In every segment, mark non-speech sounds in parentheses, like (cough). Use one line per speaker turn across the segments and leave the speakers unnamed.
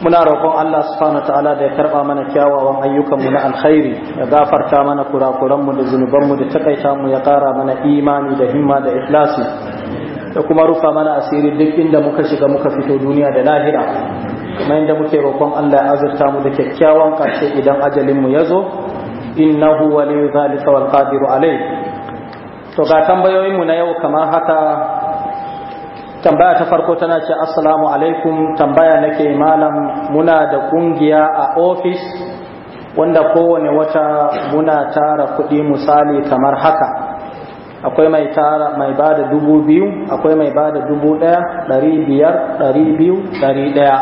muna roƙon Allah subhanahu ta'ala da ya karɓa mana kyawawan ayyukanmu na alkhairi ya gafarta mana mu da zunubanmu da takaita mu ya ƙara mana imani da himma da ikhlasi da kuma rufa mana asiri duk inda muka shiga muka fito duniya da lahira kuma inda muke roƙon Allah ya azurta mu da kyakkyawan ƙarshe idan ajalin mu ya zo innahu waliyyu zalika wal qadiru alayh to ga tambayoyin mu na yau kamar haka tambaya ta farko tana ce assalamu alaikum tambaya nake malam muna da kungiya a ofis wanda kowane wata muna tara kudi misali kamar haka akwai mai tara mai bada dubu biyu akwai mai bada dubu ɗaya dari biyar dari biyu dari ɗaya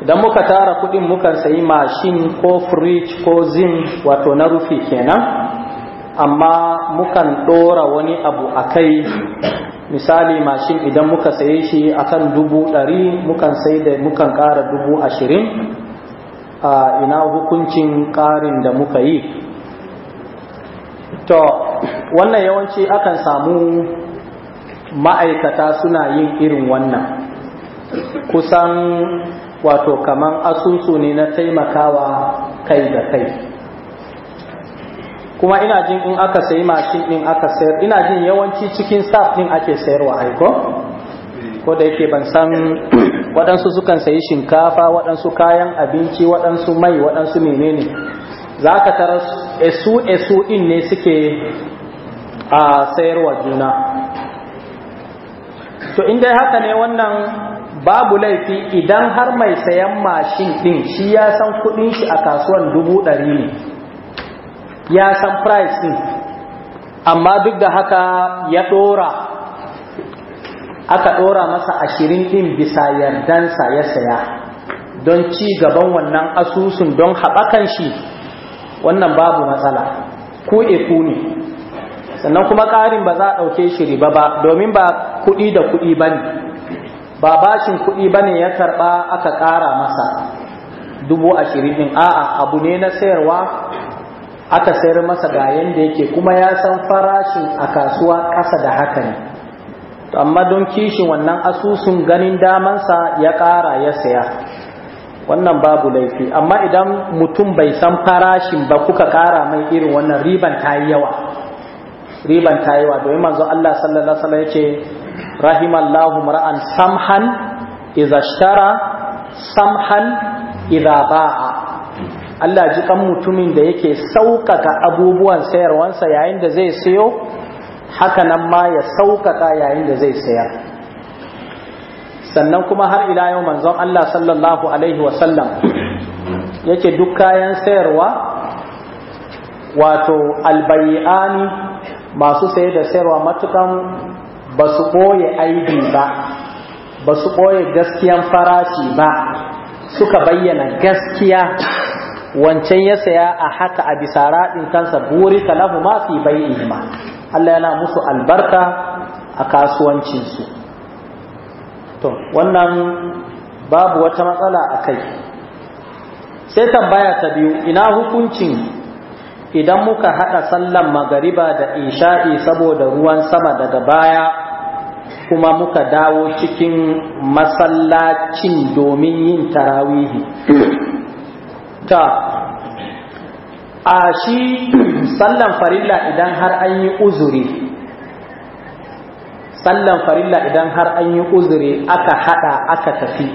idan muka tara kudin muka sayi mashin ko fridge ko zin wato na rufi kenan amma mukan ɗora wani abu a kai misali mashin idan muka saye shi akan dubu ɗari mukan sai da mukan ƙara dubu ashirin a ina hukuncin ƙarin da muka yi to wannan yawanci akan samu ma'aikata suna yin irin wannan kusan wato kaman asusu ne na taimakawa kai da kai kuma ina jin in aka sayi mashin din aka sayar ina jin yawanci cikin staff din ake sayarwa aiko ko da yake ban san (coughs) waɗansu sukan sayi shinkafa waɗansu kayan abinci waɗansu mai waɗansu menene za ka tara esu esu in ne suke a sayarwa juna to in dai haka ne wannan babu laifi idan har mai sayan mashin din shi ya san kuɗin shi a kasuwan dubu ɗari ne ya san price din amma duk da haka ya dora aka dora masa ashirin din bisa yardansa ya saya don ci gaban wannan asusun don haɓakan shi wannan babu matsala ko eku e ne sannan kuma ƙarin ba za a ɗauke shi riba ba domin ba kuɗi da kuɗi ba ne ba bashin kuɗi ba ne ya karɓa aka ƙara masa dubu ashirin ɗin a'a abu ne na sayarwa aka sayar masa ga yanda yake kuma ya san farashin a kasuwa ƙasa da haka ne to amma don kishin wannan asusun ganin damansa ya ƙara ya saya wannan babu laifi amma idan mutum bai san farashin ba kuka ƙara mai irin wannan riban ta yi yawa riban ta yi yawa domin manzo Allah sallallahu alaihi wasallam yace rahimallahu mar'an samhan idza ishtara samhan idza ba'a Allah ji kan mutumin da yake sauƙaƙa abubuwan sayarwansa yayin da zai sayo haka nan ma ya sauƙaƙa yayin da zai sayar sannan kuma har ila yau manzon Allah sallallahu alaihi wasallam yake duk kayan sayarwa wato albayani masu saye da sayarwa matukan ba su ɓoye aibi ba ba su ɓoye gaskiyan farashi ba suka bayyana gaskiya wancan ya saya a haka a bisa raɗin kansa buri kalahu ma fi bai'ihima Allah yana musu albarka a kasuwancinsu to wannan babu wata matsala a kai sai tambaya ta biyu ina hukuncin idan muka haɗa sallan magariba da isha'i saboda ruwan sama daga baya kuma muka dawo cikin masallacin domin yin tarawihi hmm. ta a shi sallan farilla idan har an yi uzuri sallan farilla idan har an yi uzuri aka hada aka tafi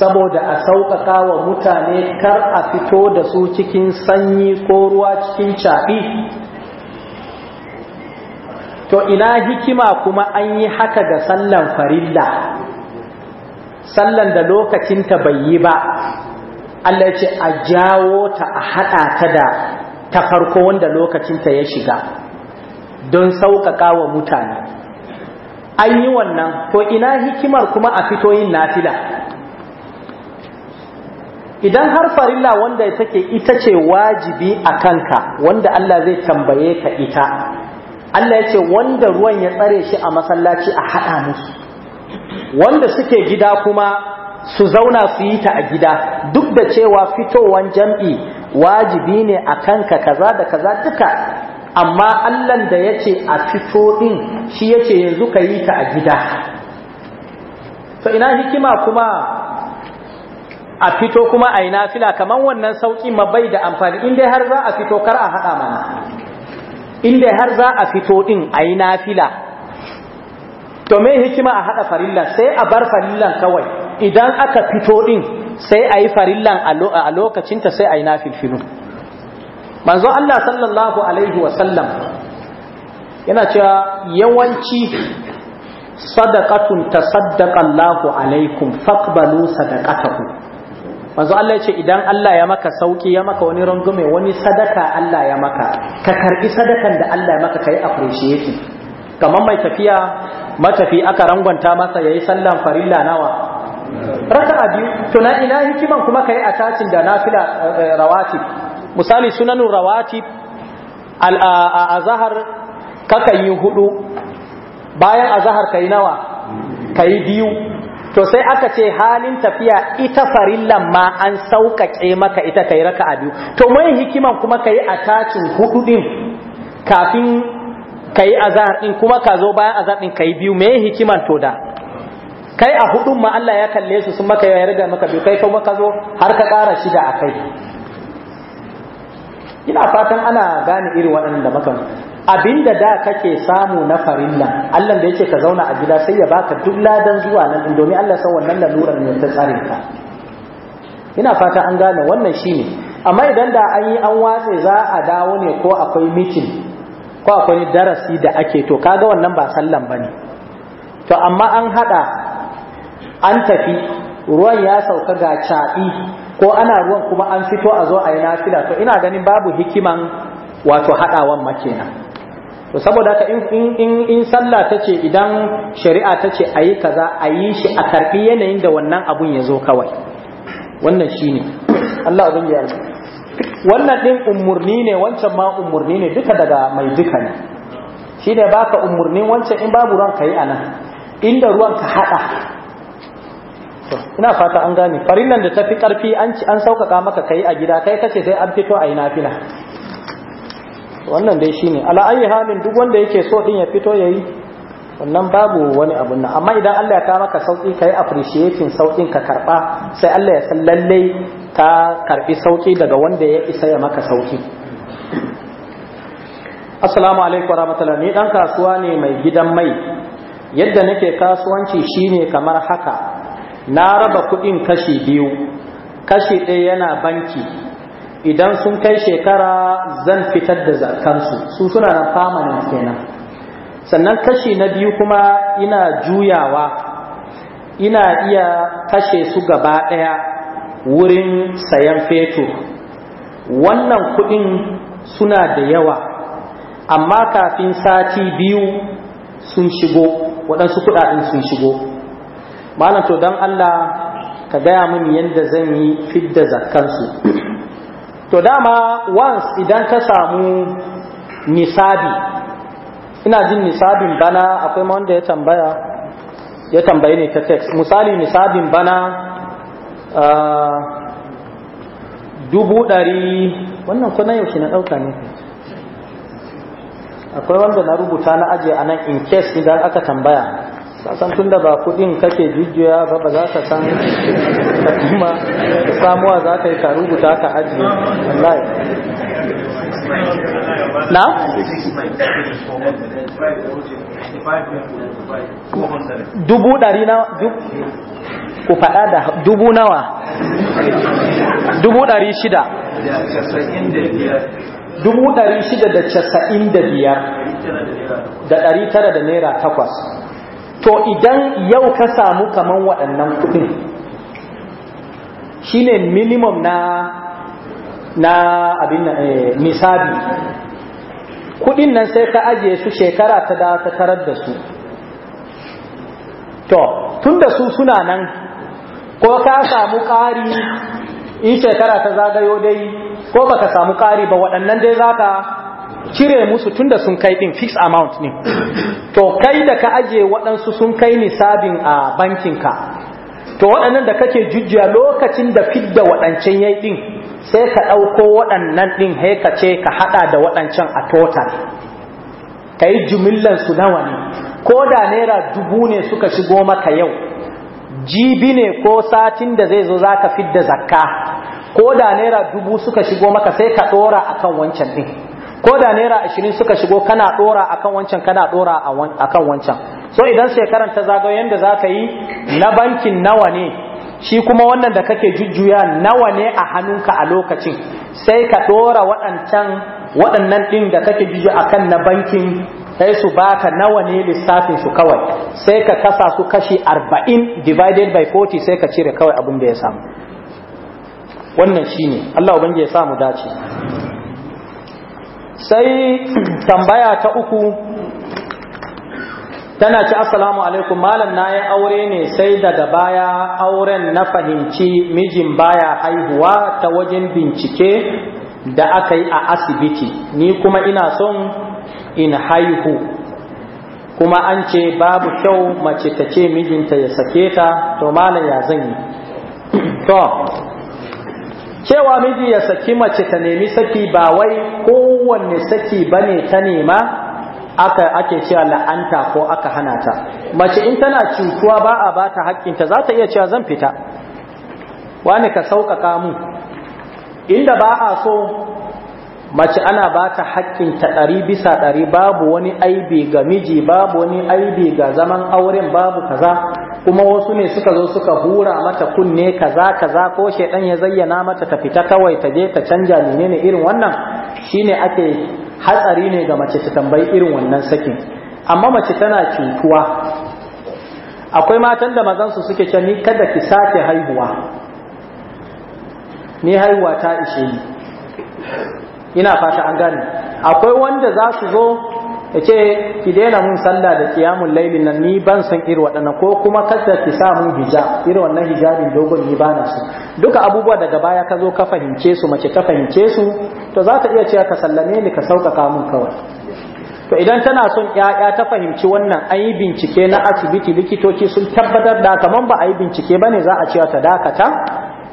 saboda a sauƙaƙa wa mutane kar a fito da su cikin sanyi ko ruwa cikin caɓi to ina hikima kuma an yi haka ga sallan farilla sallan da lokacinta bai yi ba Allah ya ce a jawo ta a haɗa ta da ta farko wanda lokacinta ya shiga don sauƙaƙa wa mutane an yi wannan to ina hikimar kuma a fito yin nafila idan har farilla wanda take ita ce wajibi a kanka wanda Allah zai tambaye ka ita Allah ya ce wanda ruwan ya tsare shi a masallaci a haɗa musu wanda suke gida kuma su zauna su yi ta a gida duk da cewa fitowan jam'i wajibi ne a kanka kaza da kaza duka amma allan da ya ce a fito ɗin shi ya ce yanzu ka yi ta a gida to ina hikima kuma a fito kuma a yi nafila kamar wannan sauƙi mabai da amfani inda har za a fito kar a haɗa mana inda har za a fito ɗin a yi nafila to mai hikima a haɗa farilla sai a bar farillan kawai idan aka fito din sai ayi yi farillan a lokacinta sai a yi nafilfilun manzo Allah sallallahu alaihi wasallam yana cewa yawanci sadaqatun tasaddaqa Allahu alaikum faqbalu sadaqatahu manzo Allah yace idan Allah ya maka sauki ya maka wani rangume wani sadaka Allah ya maka ka karbi sadakan da Allah ya maka kai appreciate kamar mai tafiya matafi aka rangwanta masa yayi sallan farilla nawa raka biyu to ina hikiman kuma kai attaching da nafila eh, rawati misali sunanun rawati al azhar kakan yi hudu bayan azhar kai nawa kai biyu to sai aka ce halin tafiya ita farillan ma an saukake maka ita kai raka biyu to mai hikiman kuma kai attaching hudu din kafin kai azhar din kuma ka zo bayan azhar din kai biyu me hikiman to da kai a hudun ma Allah ya kalle su sun maka ya da maka bai kai kuma ka zo har ka kara shida a kai ina fatan ana gane irin waɗannan da maka abinda da kake samu na farilla Allah da yake ka zauna a gida sai ya baka duk ladan zuwa nan domin Allah san wannan lalurar ne ta tsare ka ina fata an gane wannan shine amma idan da an yi an watse za a dawo ne ko akwai mitin ko akwai darasi da ake to kaga wannan ba sallan bane to amma an hada an tafi ruwan ya sauka ga caɓi ko ana ruwan kuma an fito a zo a yi nafila to ina ganin babu hikiman wato haɗawan makena to saboda haka in in in sallah ta ce idan shari'a ta ce a yi kaza a yi shi a karɓi yanayin da wannan abun ya zo kawai wannan shine Allah abin ya wannan din umurni ne wancan ma umurni ne duka daga mai duka ne shi ne baka umurnin wancan in babu ruwan ka yi anan inda ruwan ka haɗa to ina fata an gane farin nan da ta fi karfi an an saukaka maka kai a gida kai kace sai an fito a yi fina. wannan dai shine ala ayi halin duk wanda yake so din ya fito yayi wannan babu wani abun nan amma idan Allah ya ka maka sauki kai appreciating saukin ka karba sai Allah ya san lalle ka karbi sauki daga wanda ya isa ya maka sauki assalamu alaikum warahmatullahi ni dan kasuwa ne mai gidan mai yadda nake kasuwanci shine kamar haka na raba kuɗin kashi biyu kashi ɗaya yana banki idan sun kai shekara zan fitar da zakansu su suna na famanin kenan sannan kashi na biyu kuma ina juyawa ina iya kashe su gaba ɗaya wurin sayan fetur wannan kuɗin suna da yawa amma kafin sati biyu sun shigo waɗansu kuɗaɗen sun shigo malam to don Allah ka gaya mini yadda zan yi fidda zakkansu to dama once idan ka samu nisabi ina jin nisabin bana akwai wanda ya tambaya ya tambaye ne ta text misali nisabin bana ah, dubu ɗari wannan kuna yaushe na ɗauka ne akwai wanda na rubuta na ajiye a nan in case idan aka tambaya san tun da ba kudin kake jujjuya ba ba za ka san da kuma samuwa za ka yi ka rubuta ka ajiye wallahi na? dubu ɗari na ku faɗa da dubu nawa dubu ɗari shida dubu ɗari shida da casa'in da biyar da ɗari tara da naira takwas to idan yau ka samu kaman waɗannan kuɗin shine minimum na na abin misabi eh, kuɗin nan sai ka ajiye su shekara ta da ta tarar da su to tun da su suna nan ko ka samu ƙari in shekara ta zagayo dai ko baka samu ƙari ba waɗannan dai za ka cire musu tunda sun kai din fixed amount ne to kai da ka aje waɗansu sun kai nisabin a bankin ka, to waɗannan da kake jujjuya lokacin da fidda waɗancan yayi din sai ka ɗauko waɗannan din sai ka ce ka haɗa da waɗancan a total ka yi jumillan su nawa ne ko da naira dubu ne suka shigo maka yau jibi ne ko satin da zai zo zaka fidda zakka ko da naira dubu suka shigo maka sai ka ɗora akan wancan ɗin ko da naira ashirin suka shigo kana dora akan wancan kana dora akan wancan so idan shekaran ta zago yanda za ka yi na bankin nawa ne shi kuma wannan da kake jujjuya nawa ne a hannunka a lokacin sai ka dora waɗancan waɗannan ɗin da kake jujjuya akan na bankin sai su baka nawa ne lissafin su kawai sai ka kasa su kashi arba'in divided by 40 sai ka cire kawai abin da ya samu wannan shine Allah ubangi ya sa mu dace sai tambaya ta uku tana ci assalamu alaikum malam na yi aure ne sai daga baya auren na fahimci mijin baya haihuwa ta wajen bincike da aka yi a asibiti ni kuma ina son in haihu kuma an ce babu kyau mace ta ce mijinta ya sake ta to malam ya zan yi to cewa miji ya saki mace ta nemi saki ba wai kowanne saki bane ta nema aka ake cewa la'anta ko aka hana ta mace in tana cutuwa ba a bata haƙƙinta za ta iya cewa zan fita wani ka sauƙaƙa mu inda ba a so mace ana bata ta ɗari bisa ɗari babu wani aibi ga miji babu wani aibi ga zaman auren babu kaza kuma wasu ne suka zo suka hura mata kunne kaza kaza ko shedan ya zayyana mata ta fita kawai ta je ta canja menene irin wannan shine ake hatsari ne ga mace ta tambayi irin wannan sakin amma mace tana cutuwa akwai matan da mazan su suke ce ni kada ki sake haihuwa ni haihuwa ta ishe ni ina fata an gane akwai wanda za su zo yace ki daina mun sallah da kiyamun lailin nan ni ban san irin waɗannan ko kuma kada ki sa mun hijab irin wannan hijabin dogon ni bana su duka abubuwa daga baya ka zo ka fahimce su mace ka fahimce su to za ta iya cewa ka sallame ni ka sauƙaƙa mun kawai to idan tana son ƴaƴa ta fahimci wannan an yi bincike na asibiti likitoci sun tabbatar da kaman ba a yi bincike ba ne za a cewa ta dakata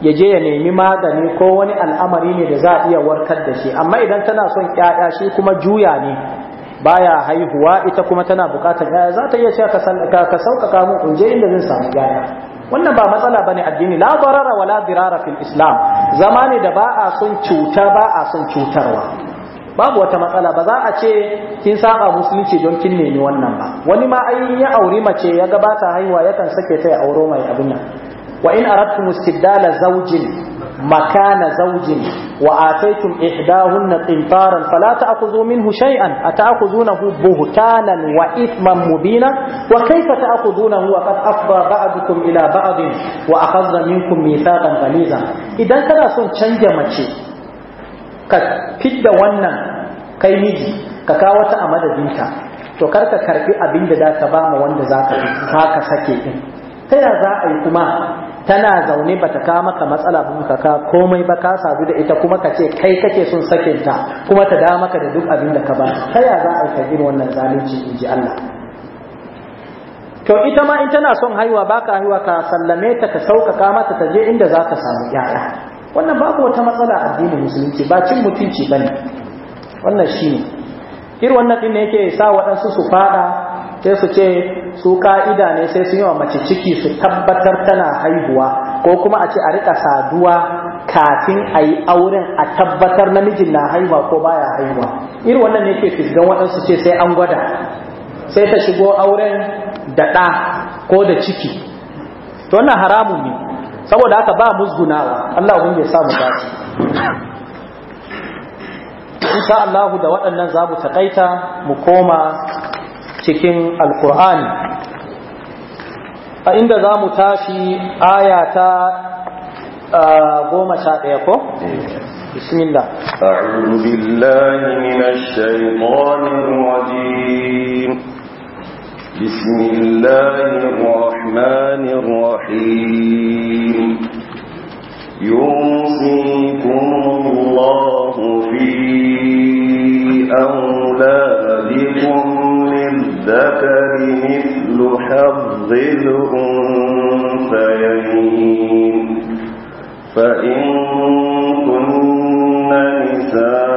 ya je ya nemi magani ko wani al'amari ne da za a iya warkar da shi amma idan tana son ƴaƴa shi kuma juya ne baya haihuwa ita kuma tana bukatar yaya za ta iya cewa ka sauƙaƙa mu in je inda zan samu yaya wannan ba matsala bane addini la barara wala dirara fil islam zama da ba a son cuta ba a son cutarwa babu wata matsala ba za a ce kin saba musulunci don kin nemi wannan ba wani ma ai ya auri mace ya gabata haihuwa yakan sake ta ya auro mai abin nan wa in aradtum istibdala zawjin makana zaujin wa ataitum ihdahunna qintaran fala ta'khudhu minhu shay'an ata'khudhunahu buhtanan wa ithman mubina wa kayfa ta'khudhunahu wa qad afda ba'dukum ila ba'din wa akhadha minkum mithaqan ghaliza idan kana son canza mace ka fidda wannan kai miji ka kawo ta a madadinta to kar ka karbi abinda da za ta ba ma wanda za ka sake din ta ya za a yi kuma tana zaune bata ka maka matsala ba ka ka komai ba ka sadu da ita kuma ka ce kai kake son sakin ta kuma ta dama ka da duk abin da ka ba ta ya za a kai irin wannan zalunci in ji Allah to ita ma in tana son haihuwa baka haihuwa ka sallame ta ka sauƙaƙa mata ta je inda za ka samu ƴaƴa wannan babu wata matsala a addinin musulunci ba cin mutunci bane wannan shine irin wannan din ne yake sa waɗansu su fada sai su ce su ka'ida ne sai sun yi wa mace ciki su tabbatar tana haihuwa ko kuma a ce a rika saduwa kafin a yi auren a tabbatar namijin na haihuwa ko baya haihuwa irin wannan ne ke fisgan waɗansu ce sai an gwada sai ta shigo auren da ɗa ko da ciki to wannan haramun ne saboda haka ba musgunawa Allah ubin ya samu dace insha Allah da waɗannan za mu mu koma cikin alkur'ani a inda za mu tashi aya ta goma sha ɗaya ko? بسم الله أعوذ بالله من الشيطان
الرجيم بسم الله الرحمن الرحيم يوصيكم الله في أولادكم للذكر مثل حظ الأنثيين فإن كن نساء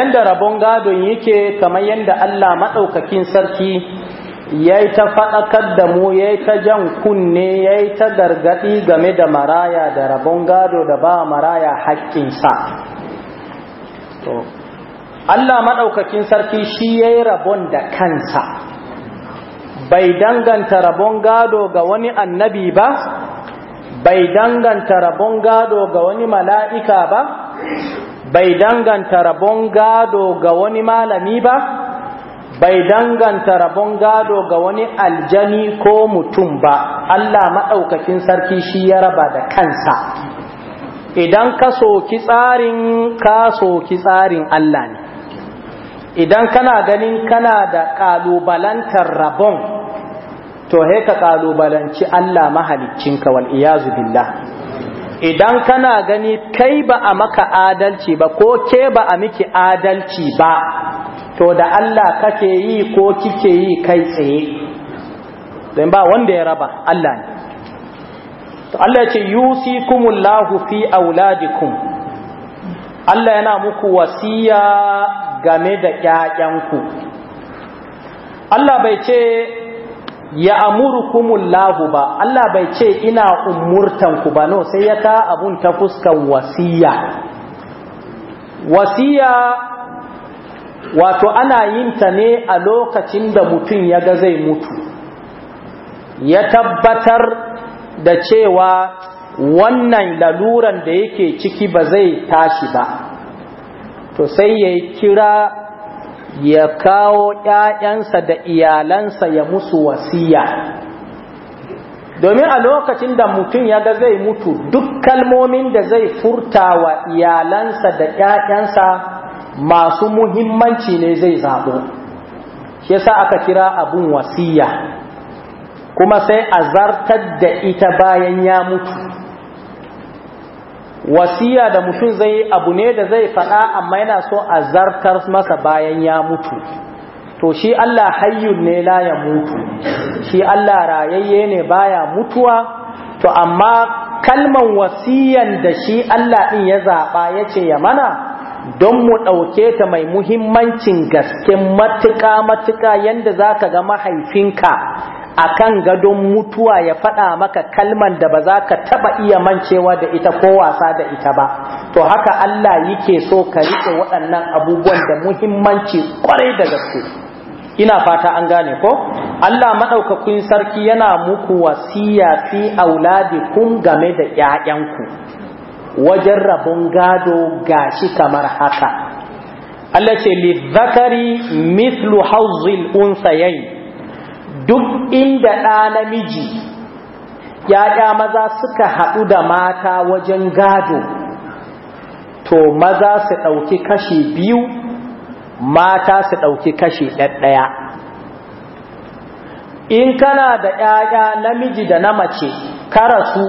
yanda rabon gadon yake kamar yadda Allah maɗaukakin sarki ya yi ta faɗakar da mu ya yi ta jan kunne ya yi ta gargaɗi game da maraya da rabon gado da ba maraya haƙƙinsa to Allah maɗaukakin sarki shi ya yi rabon da kansa bai danganta rabon gado ga wani annabi ba bai danganta rabon gado ga wani mala'ika ba bai danganta rabon gado ga wani malami ba bai danganta rabon gado ga wani aljani ko mutum ba Allah maɗaukakin sarki shi ya raba da kansa idan ka soki tsarin ka soki tsarin Allah ne idan kana ganin kana da ƙalubalantar rabon to he ka ƙalubalanci Allah mahaliccinka wal iyazu billah idan kana gani kai ba a maka adalci ba ko ke ba a miki adalci ba to da Allah kake yi ko kike yi kai tsaye don ba wanda ya raba Allah ne to Allah ce yusikumullahu fi auladikum Allah yana muku wasiya game da ƴaƴanku Allah bai ce ya amuru amurukumullahu ba Allah bai ce ina umurtan ku ba no sai ya ka abun ta fuskan wasiya wasiya wato ana yin ta ne a lokacin da mutum ya ga zai mutu ya tabbatar da cewa wannan laluran da yake ciki ba zai tashi ba to sai ya kira ya kawo ƴaƴansa da iyalansa ya musu wasiya. Domin a lokacin da mutum ya ga zai mutu duk kalmomin da zai furta wa iyalansa da ƴaƴansa masu muhimmanci ne zai zaɓo. Shi yasa aka kira abun wasiya, kuma sai a zartar da ita bayan ya mutu. wasiya da mutum zai abu ne da zai faɗa amma yana so a zartar masa bayan ya mutu to shi Allah hayyun ne la ya mutu shi Allah rayayye ne baya mutuwa to amma kalman wasiyan da shi Allah ɗin ya zaɓa yace ya mana don mu ɗauke ta mai muhimmancin gaske matuƙa matuƙa yanda za ka ga mahaifinka akan gadon mutuwa ya faɗa maka kalman da ba za ka taɓa iya mancewa da ita ko wasa da ita ba to haka Allah yake so ka riƙe waɗannan abubuwan da muhimmanci ƙwarai da gaske ina fata an gane ko Allah maɗaukakin sarki yana muku wasiya fi kun game da ƴaƴanku wajen rabon gado gashi kamar haka Allah ce li zakari mithlu hawzil unsayayn duk inda ɗa namiji ‘ya'ya maza suka haɗu da mata wajen gado to maza su ɗauki kashi biyu mata su ɗauki kashi ɗaɗɗaya in kana da ‘ya'ya namiji da na mace karasu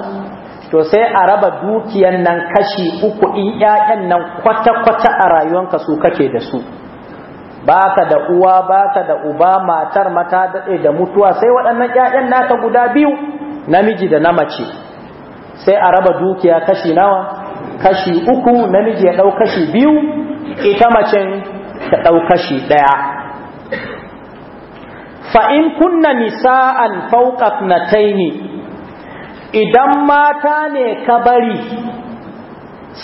to sai a raba dukiyan nan kashi uku in ƴaƴan nan kwata-kwata a rayuwanka su kake da su baka da uwa baka da uba matar mata daɗe da mutuwa sai waɗannan ƴaƴan naka guda biyu namiji da na mace sai a raba dukiya kashi nawa kashi uku namiji ya ɗau kashi biyu ita macen ta ɗau kashi ɗaya fa'in kunna nisa'an fauƙaf na taini idan mata ne ka bari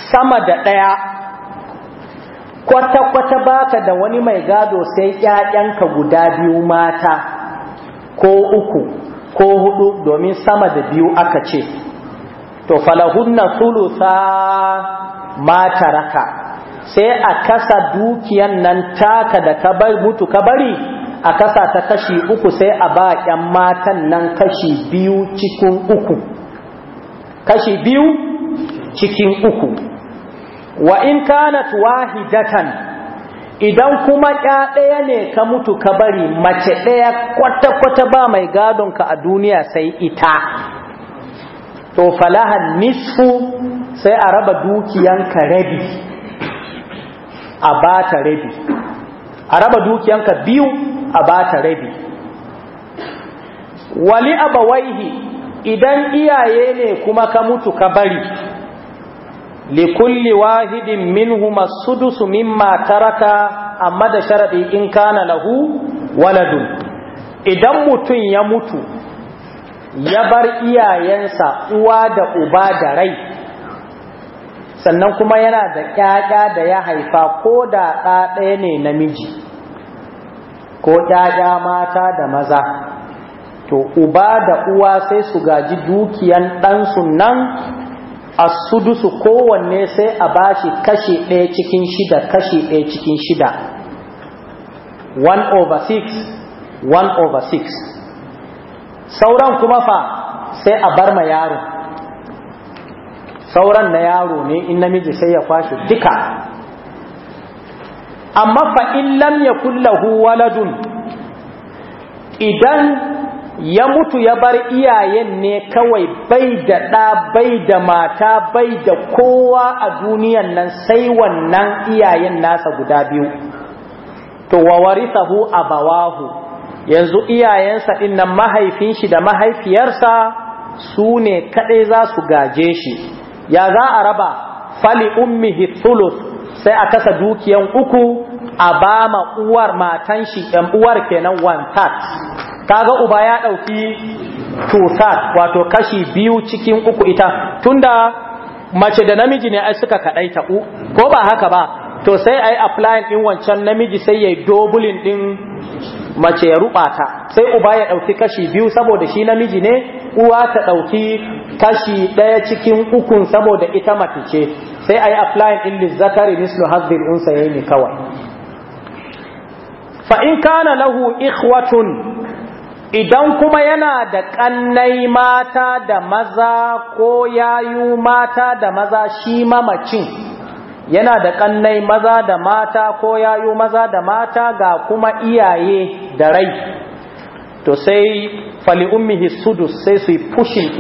sama da ɗaya kwata-kwata baka da wani mai gado sai ƴaƴanka guda biyu mata ko uku ko hudu domin sama da biyu aka ce to falahunna sulusa mata raka sai a kasa dukiyan nan taka da ka bai mutu ka bari a kasa ta kashi uku sai a ba ƴan matan nan kashi biyu cikin uku kashi biyu cikin uku wa in kanat wahidatan idan kuma ya ɗaya ne ka mutu ka bari mace ɗaya kwata-kwata ba mai gadon ka a duniya sai ita to falahan nisfu sai a raba dukiyanka rabi a bata rabi a raba dukiyanka biyu a bata rabi wali abawaihi idan iyaye ne kuma ka mutu ka bari likulli wahidin minhuma sudusu mimma taraka amma da sharadi in kana lahu waladun idan mutum ya mutu ya bar iyayensa uwa da uba da rai sannan kuma yana da ƴaƴa da ya haifa ko da ɗa ɗaya ne namiji ko ƴaƴa mata da maza to uba da uwa sai su gaji dukiyan ɗansu nan asudusu kowanne sai a bashi kashi ɗaya cikin shida kashi ɗaya cikin shida 1 over 6 1 over 6 sauran kuma fa sai a bar ma yaro sauran na yaro ne in namiji sai ya kwashe duka amma fa in lam waladun idan ya mutu ya bar iyayen ne kawai bai da ɗa bai da mata bai da kowa a duniyan nan sai wannan iyayen nasa guda biyu to wa warithahu abawahu yanzu iyayensa din nan mahaifin shi da mahaifiyarsa su ne kaɗai za su gaje shi ya za a raba fali Ummi thuluth sai a kasa dukiyan uku a ba ma uwar matan shi uwar kenan one third kaga uba ya ɗauki tusat wato kashi biyu cikin uku ita tunda mace da namiji ne ai suka kadai ta ko ba haka ba to sai ai applying ɗin wancan namiji sai ya dobulin ɗin mace ya ruɓata sai uba ya ɗauki kashi biyu saboda shi namiji ne uwa ta ɗauki kashi ɗaya cikin ukun saboda ita mace ce sai ai applying ɗin lizakari mislu hadhil unsayni kawai fa in kana lahu ikhwatun idan kuma yana da ƙannai mata da maza ko yayu mata da maza shi mamacin yana da ƙannai maza da mata ko yayu maza da mata ga kuma iyaye da rai to sai fali ummihi sudu sai su yi pushing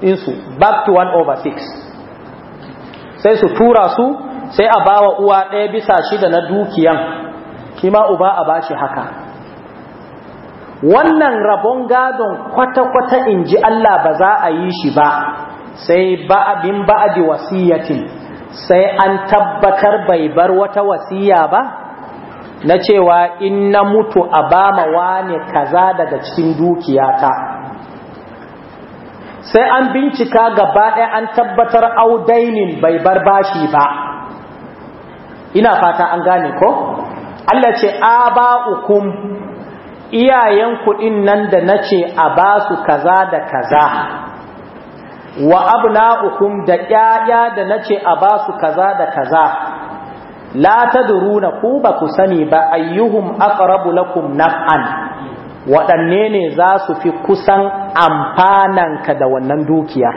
insu back to 1 over 6 sai su tura su sai a bawa uwa ɗaya bisa shida na dukiyan shi uba a bashi haka wannan rabon gadon kwata-kwata in ji Allah ba za a yi shi ba sai ba'abin ba'adi wasiyatin sai an tabbatar bai bar wata wasiya ba na cewa in na mutu a bama wane kaza daga cikin dukiyata sai an bincika gaba ɗaya an tabbatar audainin bai bar bashi ba ina fata an gane ko Allah ce a ba'ukun iyayen kuɗin nan da na ce a ba su kaza da kaza wa abna'ukum da 'ya'ya da na ce a ba su kaza da kaza la tadruna ku ba ku sani ba ayyuhum aqrabu lakum naf'an waɗanne ne za su fi kusan amfananka da wannan dukiya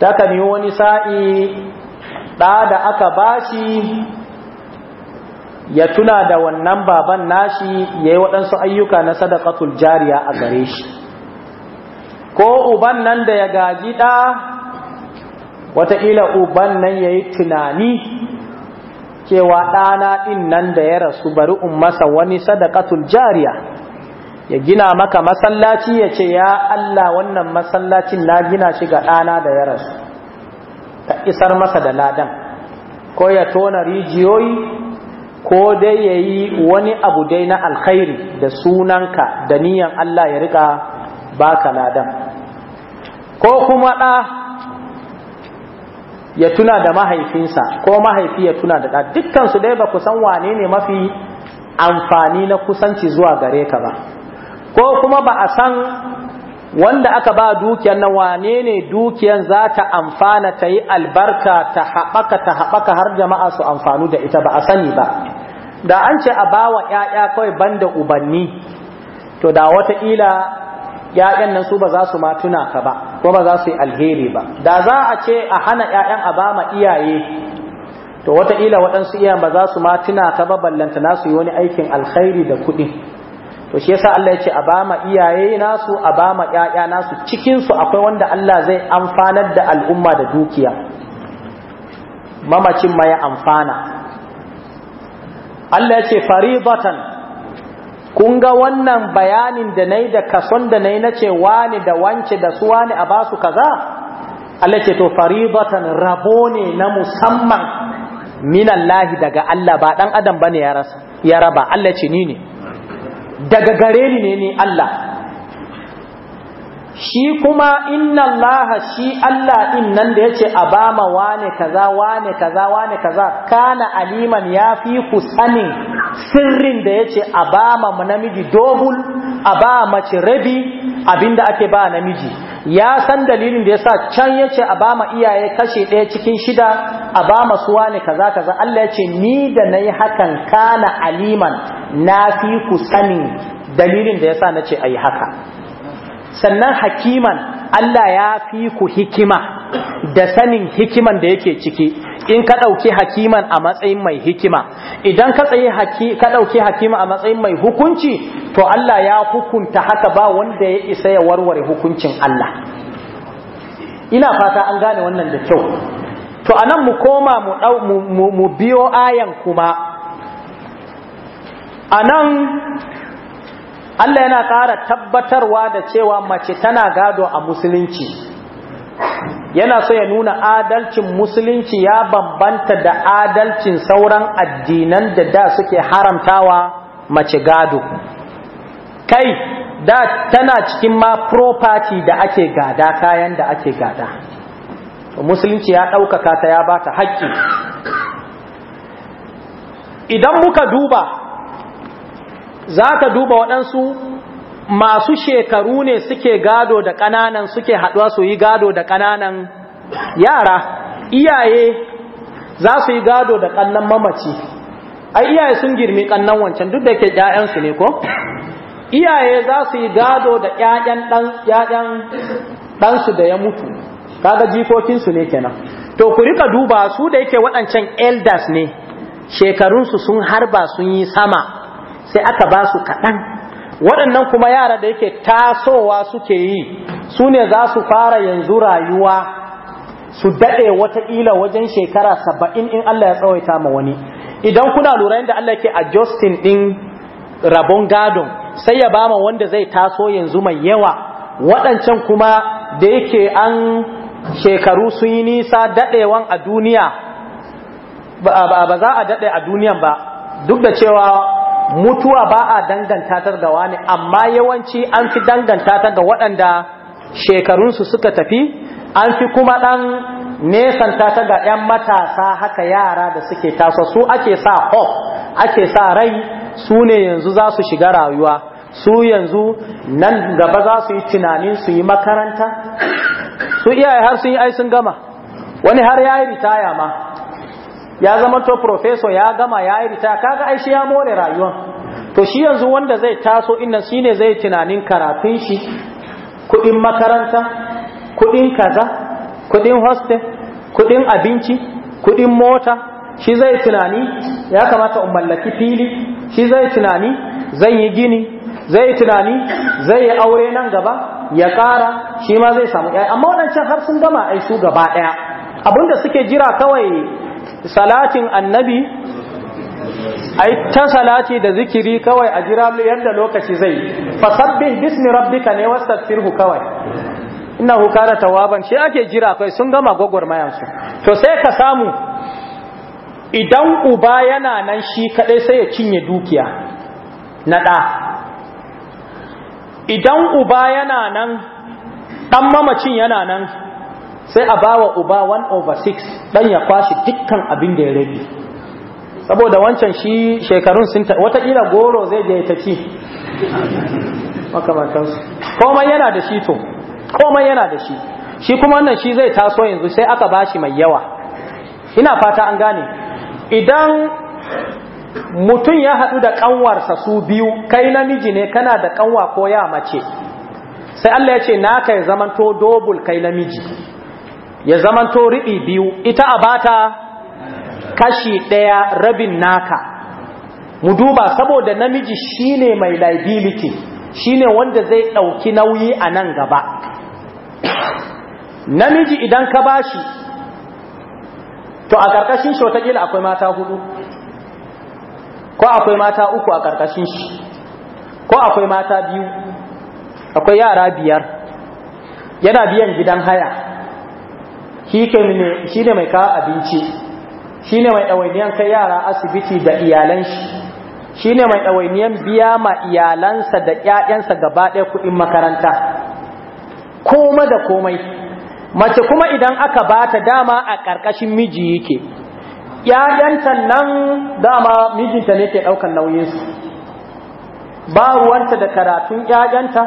takan yi wani sa'i ɗa da aka bashi ya tuna da wannan baban nashi ya yi waɗansu ayyuka na sadakatul jariya a gare shi ko uban nan da ya gaji ɗa wataƙila uban nan ya yi tunani cewa ɗana ɗin nan da ya rasu bari in masa wani sadakatul jariya ya gina maka masallaci ya ce ya Allah wannan masallacin na gina shi ga ɗana da ya rasu ta isar masa da ladan ko ya tona rijiyoyi ko dai yayi wani abu dai na alkhairi da sunanka da niyan Allah ya rika baka ladan ko kuma ɗa ya tuna da mahaifinsa ko mahaifi ya tuna da ɗa dukkansu dai ba ku san wane ne mafi amfani na kusanci zuwa gare ka ba ko kuma ba a san wanda aka ba dukiyan na wane ne dukiyan za ta amfana ta yi albarka ta haɓaka ta haɓaka har jama'a su amfanu da ita ba a sani ba da an ce a bawa ƴaƴa kawai banda ubanni to da wataƙila ƴaƴan nan su ba za su ma ka ba ko ba za su yi alheri ba da za a ce a hana ƴaƴan a ba ma iyaye to wataƙila waɗansu iyayen ba za su ma ka ba ballanta na yi wani aikin alkhairi da kuɗi to shi yasa Allah ya ce a ba ma iyaye nasu a ba ma ƴaƴa nasu cikin su akwai wanda Allah zai amfanar da al'umma da dukiya mamacin ma ya amfana Allah ya ce faribatan kun ga wannan bayanin da nayi da kason da nayi nace wani da wance da su wani a basu kaza Allah ce to faribatan rabo ne na musamman minallahi daga Allah ba dan adam bane ya rasa ya raba Allah ce ni ne daga gare ni ne ni Allah shi kuma inna Allah shi Allah din nan da yace a bama wane kaza wane kaza wane kaza kana aliman ya fi ku sanin sirrin da yace a bama namiji dobul a ba mace rabi abinda ake ba namiji ya san dalilin da yasa can yace a bama iyaye kashe ɗaya cikin shida a bama su wane kaza kaza Allah yace ni da nayi hakan kana aliman na fi ku sanin dalilin da yasa nace ayi haka sannan hakiman Allah ya fi ku hikima da sanin hikiman da yake ciki in ka ɗauki hakiman a matsayin mai hikima idan ka tsaye ka ɗauki hakima a matsayin mai hukunci to Allah ya hukunta haka ba wanda ya isa ya warware hukuncin Allah ina fata an gane wannan da kyau to anan mu koma mu mu biyo ayan kuma anan Allah yana ƙara tabbatarwa da cewa mace tana gado a musulunci yana so ya nuna adalcin musulunci ya bambanta da adalcin sauran addinan da da suke haramtawa mace gado kai da tana cikin ma property da ake gada kayan da ake gada musulunci ya ɗaukaka ta ya bata haƙƙi idan muka duba za ka duba waɗansu masu shekaru ne suke gado da ƙananan suke haɗuwa su yi gado da ƙananan yara iyaye za su yi gado da ƙannan mamaci ai iyaye sun girmi ƙannan wancan duk da ke ƴaƴansu ne ko iyaye za su yi gado da ‘ya'yan ɗansu da ya mutu kaga jikokinsu ne kenan to ku rika duba su da yake waɗancan elders ne shekarunsu sun harba sun yi sama sai aka ba su kaɗan waɗannan kuma yara da yake tasowa suke yi su ne za su fara yanzu rayuwa su daɗe wataƙila wajen shekara saba'in in Allah ya tsawaita ma wani idan kuna lura yadda Allah ke justin ɗin rabon gadon sai ya bama wanda zai taso yanzu mai yawa waɗancan kuma da yake an shekaru sun yi nisa daɗewan a duniya ba za a daɗe a duniyan ba duk da cewa mutuwa ba a danganta ta ga wani amma yawanci an fi danganta ta ga waɗanda shekarunsu suka tafi an fi kuma ɗan nesanta ta ga 'yan matasa haka yara da suke taso su ake sa hope ake sa rai su ne yanzu za su shiga rayuwa su yanzu nan gaba za su yi tunanin su yi makaranta su iyaye har sun yi ai sun gama wani har ya yi ritaya ma ya zama to professor ya gama ya yi rita kaga ai shi ya more rayuwa to shi yanzu wanda zai taso inda shine zai tunanin karatun shi kudin makaranta kudin kaza kudin hostel kudin abinci kudin mota shi zai tunani ya kamata in mallaki fili shi zai tunani zan yi gini zai tunani zai yi aure nan gaba ya kara shi ma zai samu amma waɗancan har sun gama ai su gaba ɗaya abinda suke jira kawai salatin annabi ai ta salati da zikiri kawai a jira yadda lokaci zai fasabbih bismi rabbika ne wastaghfirhu kawai innahu kana tawaban shi ake jira kai sun gama gogormayan su to sai ka samu idan uba yana nan shi kadai sai ya cinye dukiya na da idan uba yana nan dan mamacin yana nan sai a bawa uba 1 over 6 dan ya kwashi dukkan abin da ya rage saboda wancan shi shekarun sun ta watakila goro zai je ta ci makamantansu komai yana da shi to komai yana da shi shi kuma wannan shi zai taso yanzu sai aka bashi mai yawa ina fata an gane idan mutum ya haɗu da ƙanwarsa su biyu kai namiji ne kana da ƙanwa ko ya mace sai Allah ya ce na kai zamanto dobul kai namiji ya zamanto riɓi biyu ita a bata kashi ɗaya rabin naka mu duba saboda namiji shine mai liability shine wanda zai ɗauki nauyi a nan gaba namiji idan ka bashi to a ƙarƙashin shi watakila akwai mata hudu ko akwai mata uku a ƙarƙashin shi ko akwai mata biyu akwai yara biyar yana biyan gidan haya shi ne mai kawo abinci shi ne mai ɗawainiyan kai yara asibiti da iyalan shi shi ne mai ɗawainiyan biya ma iyalansa da ƴaƴansa gaba ɗaya kuɗin makaranta koma da komai mace kuma idan aka bata dama a ƙarƙashin miji yake ‘ya'yanta nan dama mijinta ne ke ɗaukar nauyinsu ba ruwanta da karatun ‘ya'yanta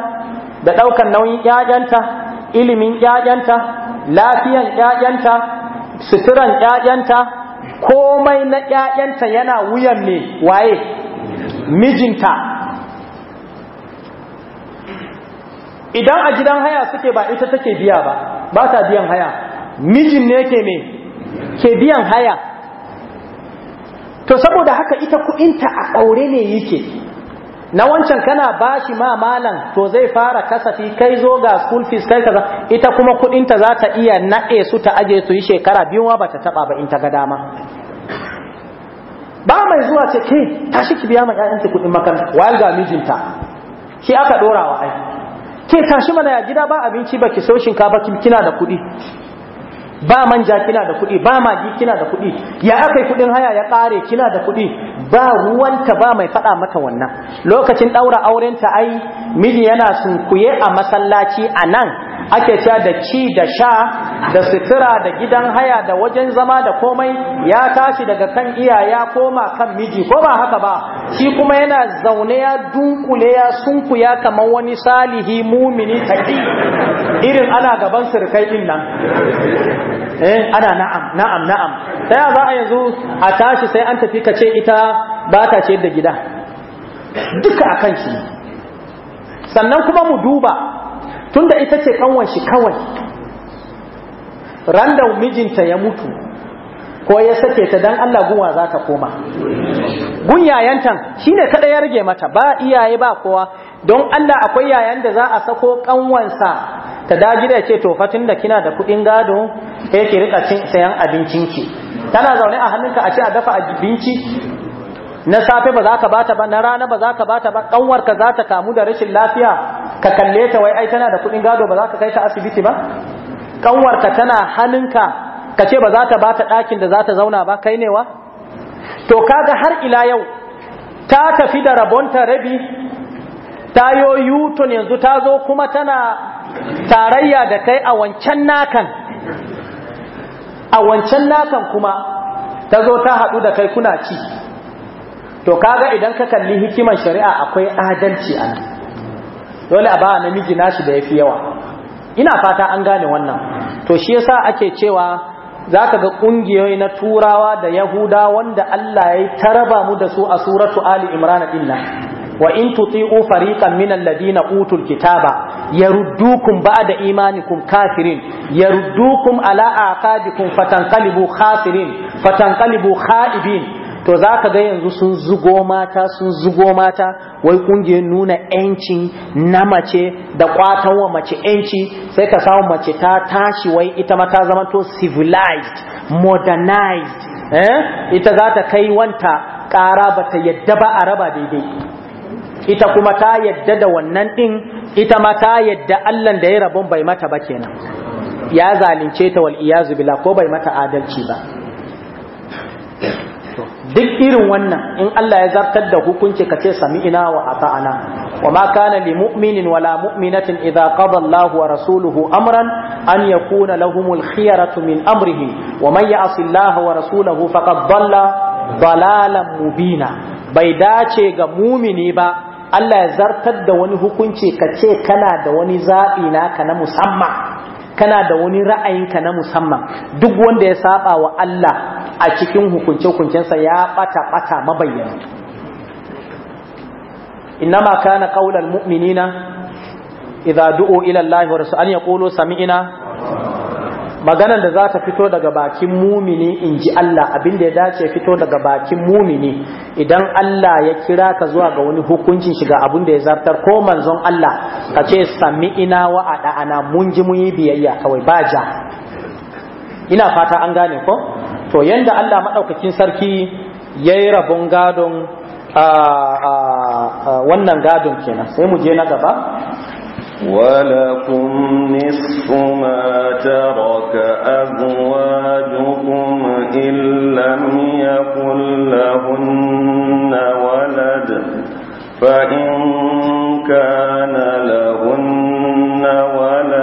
da ɗaukar nauyin ‘ya'yanta ilimin ‘ya'yanta lafiyan ƴaƴanta suturan ƴaƴanta komai na ƴaƴanta yana wuyan ne waye mijinta idan a gidan haya suke ba ita take biya ba ba ta biyan haya mijin ne ke me ke biyan haya to saboda haka ita kuɗinta a aure ne yake na wancan kana bashi ma malam to zai fara kasafi kai zo ga school fees kai kaza ita kuma ta za ta iya naɗe su ta aje su yi shekara biyu ba ta taba ba in ta ga dama ba mai zuwa ce ke shi ki biya ma ƴaƴanki kudin makaranta wal ga mijinta shi aka ɗora wa ai ke ta shi mana ya gida ba abinci ba ki so shinkafa kina da kuɗi ba manja kina da kuɗi ba magi kina da kuɗi ya akai yi kuɗin haya ya ƙare kina da kuɗi ba ruwanta ba mai faɗa mata wannan lokacin ɗaura aurenta ai miji yana sunkuye a masallaci a nan ake cewa da ci da sha da sutura da gidan haya da wajen zama da komai ya tashi daga kan iyaya koma kan miji ko ba haka ba shi kuma yana zaune ya dunkule ya sunkuya kamar wani salihi mumini taki irin ana gaban surkai din nan eh ana na'am na'am na'am sai za a yanzu a tashi sai an tafi kace ita ba ta ce da gida duka akan shi sannan kuma mu duba tunda ita ce kanwar shi kawai randa mijinta ya mutu ko ya sake ta dan Allah gunwa za ta koma gun yayantan shine kada ya rage mata ba iyaye ba kowa don Allah akwai yayan da za a sako kanwansa ta da gida ce to fatin da kina da kudin gado sai ki rika sayan abincinki tana zaune a hannunka a ce a dafa abinci na safe ba za ka bata ba na rana ba za ka bata ba kanwarka za ta kamu da rashin lafiya ka kalle ta wai ai tana da kuɗin gado ba za ka kai ta asibiti ba kanwarka tana hannun ka ce ba za ta bata ɗakin da za ta zauna ba kai ne wa to kaga har ila yau ta tafi da rabonta rabi ta yo yuton yanzu ta zo kuma tana tarayya da kai a wancan nakan a wancan nakan kuma ta zo ta haɗu da kai kuna ci to kaga idan ka kalli hikimar shari'a akwai adalci a nan dole a ba namiji nashi da yafi yawa ina fata an gane wannan to shi yasa ake cewa zaka ga kungiyoyi na turawa da yahuda wanda Allah ya taraba mu da su a suratu ali imran din nan wa in tuti'u fariqan min alladhina utul kitaba yaruddukum ba'da imanikum kafirin yaruddukum ala aqabikum fatanqalibu khasirin fatanqalibu khaibin to za ka ga yanzu sun zugo mata sun zugo mata wai kungiyar nuna yanci na mace da kwatan wa mace yanci sai ka samu mace ta tashi wai ita ma ta zama to civilized modernized eh? ita za ta kai wanta kara ba ta yadda ba a raba daidai ita kuma ta yadda da wannan din ita ma ta yadda Allah da ya rabon bai mata ba kenan ya zalunce ta wal iyazu bila ko bai mata adalci ba duk irin wannan in Allah ya zartar da hukunci ka ce sami'ina wa ata'ana wa ma kana li mu'minin wala mu'minatin idza qada wa rasuluhu amran an yakuna lahumul khiyaratu min amrihim wa man ya'si Allah wa rasulahu faqad dalla dalalan mubina bai dace ga mumini ba Allah ya zartar da wani hukunci ka ce kana da wani zabi naka na musamman kana da wani ra'ayinka na musamman duk wanda ya saba wa Allah a cikin hukunce-hukuncensa ya bata bata mabayyana ma kana qaulal mu'minina idza du'u ila Allah wa rasul an yaqulu sami'na maganar da za ta fito daga bakin mumini in ji Allah abin da ya dace fito daga bakin mumini idan Allah ya kira ka zuwa ga wani hukuncin shiga abin da ya zartar ko manzon Allah ka ce sami ina wa a da'ana mun ji mun yi biyayya kawai ba ja ina fata an gane ko to yanda Allah maɗaukakin sarki ya yi rabon gadon wannan gadon kenan sai mu je na gaba
ولكم نصف ما ترك أزواجكم إن لم يكن لهن ولد فإن كان لهن ولد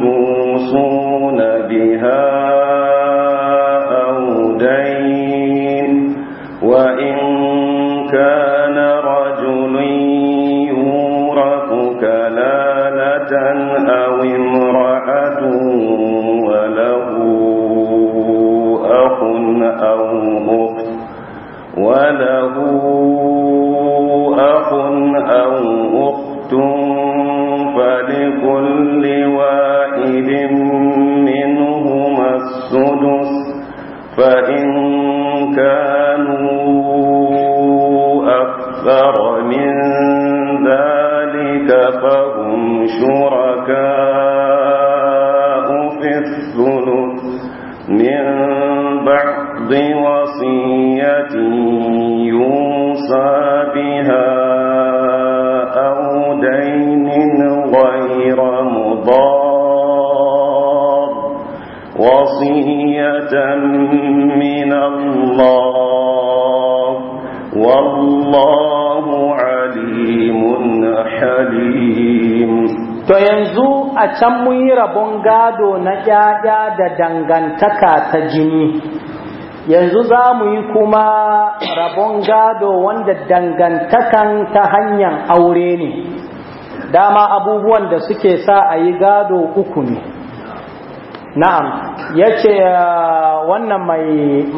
توصون بها أو دين وإن كان رجل أو امرأة وله أخ أو وله فإن كانوا أكثر من ذلك فهم شركاء
can mun yi rabon gado na ƴaƴa da dangantaka ta jini yanzu za mu yi kuma rabon gado wanda dangantakan ta hanyar aure ne dama abubuwan da suke sa a yi gado uku ne na'am ya ce wannan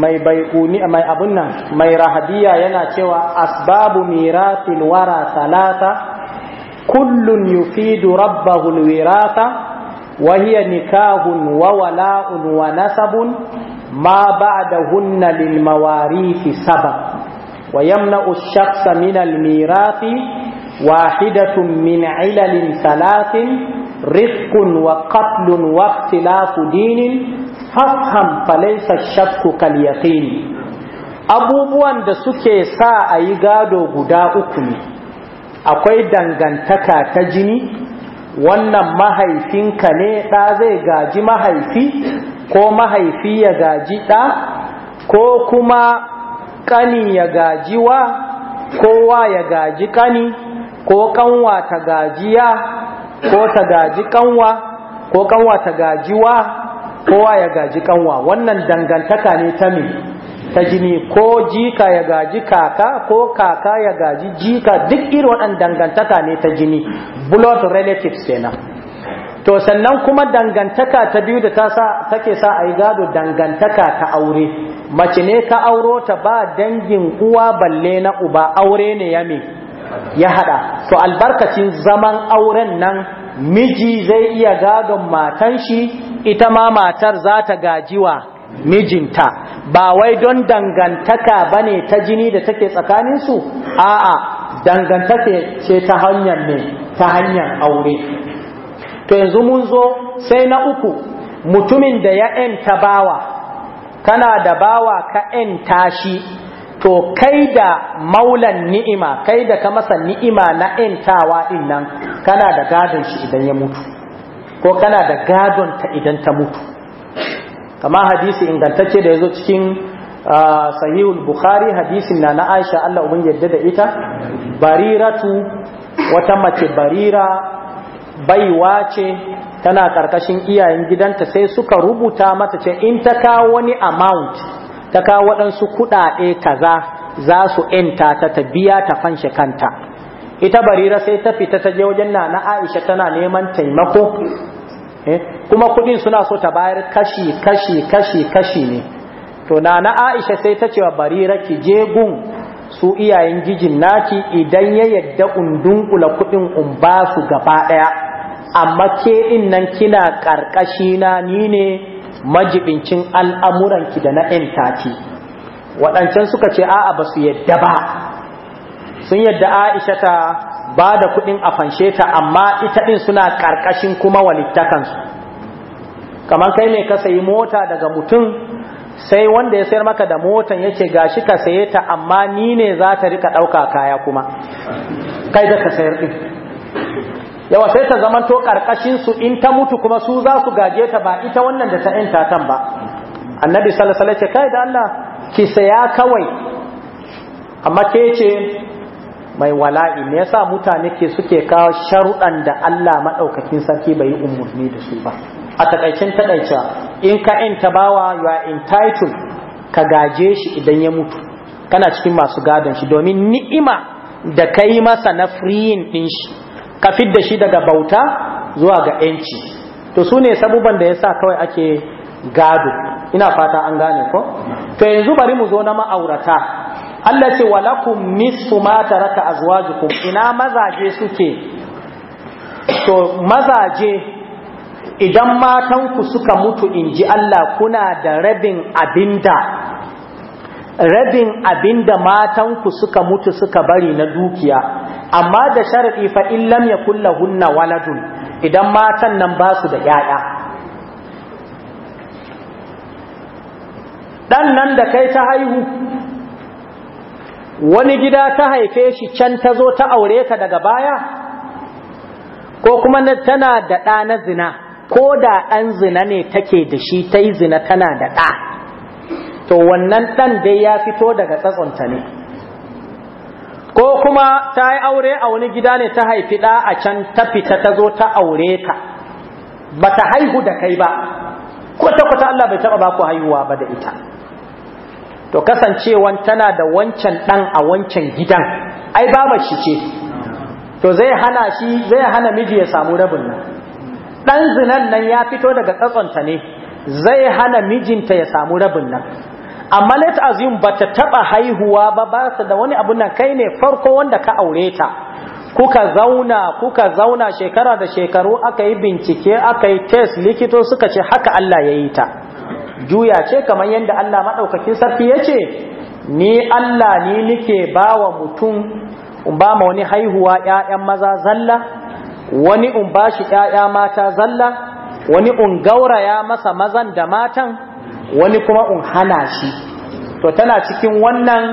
mai baikuni mai abin nan mai Rahabiya yana cewa asbabu mirasin wara salata كل يفيد ربه الوراثة وهي نكاه وولاء ونسب ما بعدهن للمواريث سبب ويمنع الشخص من الميراث واحدة من علل ثلاث رفق وقتل واختلاف دين فافهم فليس الشك كاليقين أبو بوان دسوكي سا أيغادو yi akwai dangantaka ta jini wannan mahaifinka ne ɗa zai gaji mahaifi ko mahaifi ya gaji ɗa ko kuma ƙani ya gaji wa kowa ya gaji ƙani ko ƙanwa ta gajiya ko ta gaji ƙanwa ko ƙanwa ta gaji wa kowa ya gaji ƙanwa wannan dangantaka ne ta me ta jini ko jika ya gaji kaka ko kaka ya gaji jika duk irin waɗannan dangantaka ne ta jini blood relatives kenan to sannan kuma dangantaka ta biyu da ta take sa a yi gado dangantaka ta aure mace ne ka auro ta ba dangin uwa balle na uba aure ne ya me ya hada to albarkacin zaman auren nan miji zai iya gadon matan shi ita ma matar za ta gajiwa mijinta ba wai don dangantaka bane ta jini da take tsakaninsu a'a dangantaka ce ta hanyar ne ta hanyar aure to yanzu mun zo sai na uku mutumin da ya ‘yanta bawa kana da bawa ka ‘yanta shi to kai da maulan ni'ima kai da ka masa ni'ima na ‘yantawa din nan kana da gadon shi idan ya mutu ko kana da gadon ta idan ta mutu kama hadisi ingantacce da ya zo cikin sahihul bukhari hadisin na na aisha Allah ubin yadda da ita bariratu wata mace barira baiwa ce tana karkashin iyayen gidanta sai suka rubuta mata ce in ta kawo wani amount ta kawo waɗansu kuɗaɗe kaza za su ta ta biya ta fanshe kanta ita barira sai ta fita ta je wajen na na aisha tana neman taimako Eh? kuma kudin suna so ta bayar kashi kashi kashi kashi ne to na na aisha sai ta cewa barira ki je gun su iyayen gijin naki idan ya yadda kula kudin un ba su gaba daya amma ke din nan kina karkashi na ni ne majibincin al'amuranki da na yan tati waɗancan suka ce a'a ba su yadda ba sun yadda aisha ta ba da kuɗin a fanshe ta amma ita ɗin suna ƙarƙashin kuma walittakansu kamar kai ne ka sayi mota daga mutum sai wanda ya sayar maka da motan ya gashi ka saye ta amma ni ne za ta rika ɗauka kaya kuma
kai da ka sayar
ɗin yawa sai ta zamanto su in ta mutu kuma su za su gaje ta ba ita wannan da ta ‘yan tan ba annabi sallallahu alaihi ce kai da Allah ki saya kawai amma ke ce mai wala'i me yasa mutane ke suke kawo sharuɗan da Allah maɗaukakin sarki bai yi umarni da su ba a takaicin taɗaica in ka in bawa you are entitled ka gaje shi idan ya mutu kana cikin masu gadon shi domin ni'ima da ka masa na freeing din shi ka fidda shi daga bauta zuwa ga ‘yanci to su ne sabuban da yasa kawai ake gado ina fata an gane ko to yanzu bari mu zo na ma'aurata Allah ce lakum nisfu ma taraka azwajukum ina mazaje suke to mazaje idan matan ku suka mutu inji Allah kuna da rabin abinda rabin abinda matanku suka mutu suka bari na dukiya amma da sharadi fa illam yakullahunna waladun idan matan nan ba su da yaya dan nan da kai ta haihu wani gida ta haife shi can ta zo ta aure ka daga baya ko kuma tana da ɗa na zina ko da ɗan zina ne take da shi ta yi zina tana da ɗa to wannan ɗan dai ya fito daga tsatsonta ne ko kuma ta yi aure a wani gida ne ta haifi ɗa a can ta fita ta zo ta aure ka ba ta haihu da kai ba kwata-kwata Allah bai taɓa ba ku haihuwa ba da ita to kasancewan tana da wancan dan a wancan gidan ai baba shi ce to zai hana shi zai hana miji ya samu rabin nan dan zinan nan ya fito daga tsatsonta ne zai hana mijinta ya samu rabin nan amma let ba bata taba haihuwa ba ba ta da wani abu nan kai ne farko wanda ka aure ta kuka zauna kuka zauna shekara da shekaru aka yi bincike aka yi test likito suka ce haka Allah ya yi ta juya ce kamar yadda Allah maɗaukakin sarki ya ce ni Allah ni nike ba wa mutum in ba ma wani haihuwa ‘ya'yan maza zalla wani in ba shi ‘ya'ya mata zalla wani in gauraya masa mazan da matan wani kuma in hana shi to tana cikin wannan